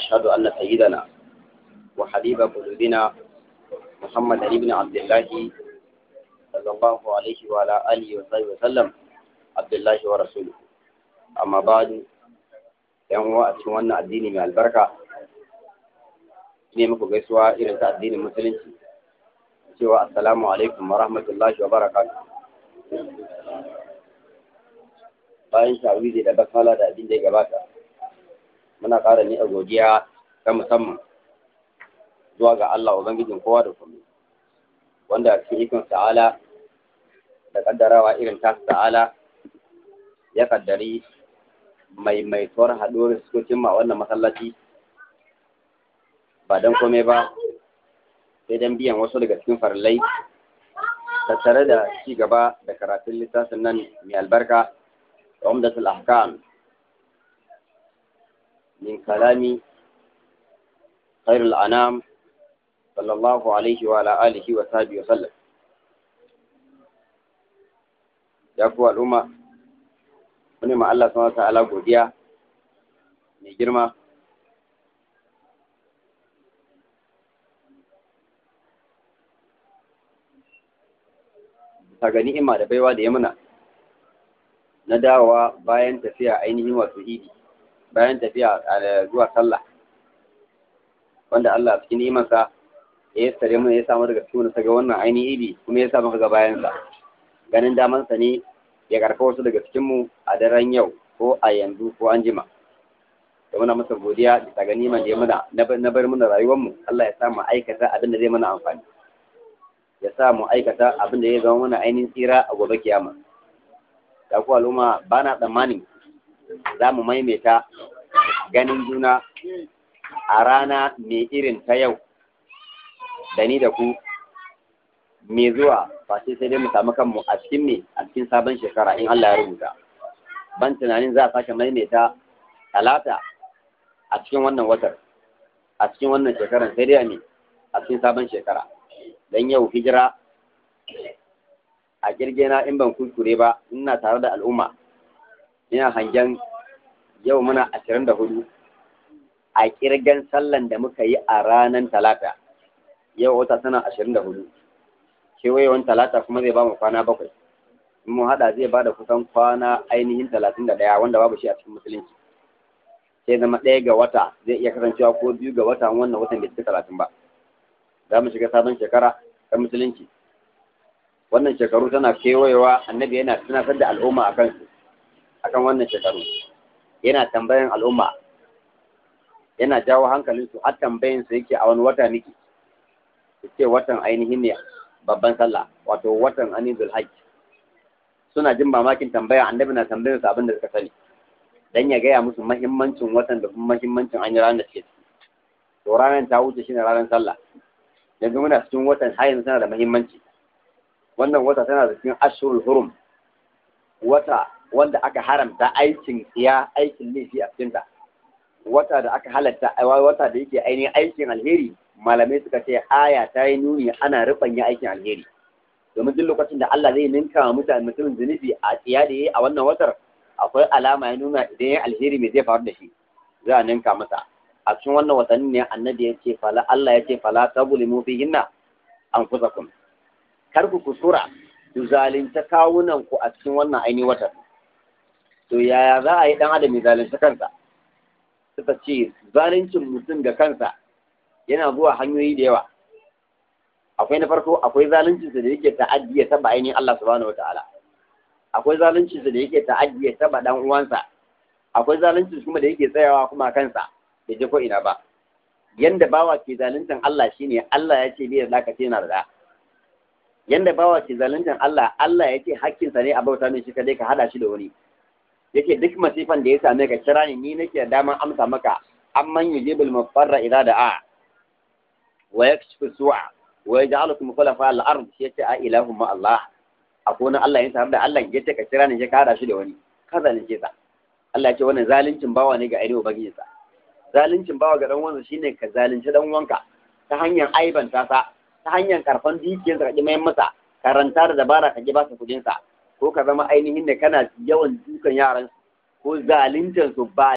وأشهد أن سيدنا وحبيب قلوبنا محمد بن عبد الله صلى الله عليه وعلى آله وصحبه وسلم عبد الله ورسوله أما بعد yan uwa a cikin wannan addini mai albarka ne muku gaisuwa irin ta addinin musulunci cewa assalamu alaikum wa rahmatullahi wa barakatuh bayan shawizi da basala da abin da ya gabata muna ƙara ni a godiya ta musamman zuwa ga Allah Ubangijin kowa da kome. wanda cikin ikon sa'ala da ƙaddarawa irin ta sa'ala ya mai maimaituwar haɗuwar sukokin cimma wannan masallaci ba don kome ba sai don biyan wasu daga cikin farlai tattare da ci gaba da karatun littafin nan mai albarka da umdatul ahkam من كلام خير الأنام صلى الله عليه وعلى آله وصحبه وسلم ya kuwa al'umma wani ma Allah sama ta'ala godiya mai girma ta ga ni'ima da baiwa da ya muna na dawowa bayan tafiya ainihin wasu idi bayan tafiya eh, zuwa sallah wanda Allah cikin nimansa ya tsare mana ya samu daga cikin saga wannan ainihin ibi kuma ya samu daga bayansa ganin damansa ne ya karfa wasu daga cikinmu a daren yau ko a yanzu ko an jima da muna masa godiya da ga niman da ya mana na bar mana rayuwarmu Allah ya sa mu aikata abin da zai mana amfani ya sa mu aikata abin da ya zama mana ainihin tsira a gobe kiyama da ku al'umma ba na tsammanin za mu maimaita ganin juna a rana mai irin ta yau da ni da ku mai zuwa fashe sai dai mu samu kanmu a cikin mai a cikin sabon shekara in Allah ya rubuta ban tunanin za a sake maimaita talata a cikin wannan watar a cikin wannan shekaran sai dai a ne a cikin sabon shekara Don yau hijira a kirgena in ban kuskure ba ina tare da al'umma ina hangen yau muna ashirin da hudu a kirgan sallan da muka yi a ranar talata yau wata tana ashirin da hudu kewayewan talata kuma zai ba mu kwana bakwai in mun haɗa zai ba da kusan kwana ainihin talatin da ɗaya wanda babu shi a cikin musulunci sai zama ɗaya ga wata zai iya kasancewa ko biyu ga wata wannan watan bai cika talatin ba za mu shiga sabon shekara ta musulunci wannan shekaru tana kewayewa annabi yana tunatar da al'umma a kansu akan wannan shekaru yana tambayan al'umma yana jawo hankalinsu har tambayin su yake a wani wata niki su ce watan ainihin ne babban sallah wato watan anizul hajj suna jin mamakin tambaya annabi na tambayar su abin da suka sani dan ya gaya musu mahimmancin watan da kuma mahimmancin an yi ranar ce to ranar ta wuce shine ranar sallah yanzu muna cikin watan har yanzu tana da mahimmanci wannan wata tana da cikin ashurul hurum wata wanda aka haramta aikin tsiya aikin laifi a cikin ta wata da aka halatta wata da yake ainihin aikin alheri malamai suka ce aya ta yi nuni ana rubanya aikin alheri domin duk lokacin da Allah zai ninka wa mutane mutumin zunubi a tsiya da yayi a wannan watar akwai alama ya nuna idan ya alheri mai zai faru da shi za a ninka masa a cikin wannan watanni ne annabi ya ce fala Allah ya ce fala an kusa anfusakum kar ku kusura ku zalunta kawunan ku a cikin wannan ainihin watan to yaya za a yi dan adam ya zalunci kansa suka ce zaluncin mutum ga kansa yana zuwa hanyoyi da yawa akwai na farko akwai zaluncinsa da yake ta'addi ya taɓa ainihin Allah subhanahu wataala akwai zaluncinsa da yake ta'addi ya taɓa ɗan uwansa akwai zalunci kuma da yake tsayawa kuma kansa da je ko ina ba yanda bawa ke zaluntan Allah shine Allah ya ce biyar zaka ce na da yanda bawa ke zaluntan Allah Allah ya ce hakkinsa ne a bauta mai shi kadai ka hada shi da wani Yake duk masifan da ya same ka kira ni ni nake da daman amsa maka amman yujibul mufarra idza da'a wa yakshifu su'a wa yaj'alukum khulafa al-ard yace a ilahu ma Allah akwai Allah yin tare da Allah ce ka kira ni ka kada shi da wani kaza ne ke sa Allah ce wannan zaluncin bawa ne ga ba ubangiji sa zaluncin bawa ga dan wansa shine ka zalunci dan wanka ta hanyar aibanta sa ta hanyar karfan dukiyarsa ka ki mayan masa karanta da dabara ka ki ba sa kudin sa ko ka zama ainihin da kana yawan dukan yaran ko zaluntar su ba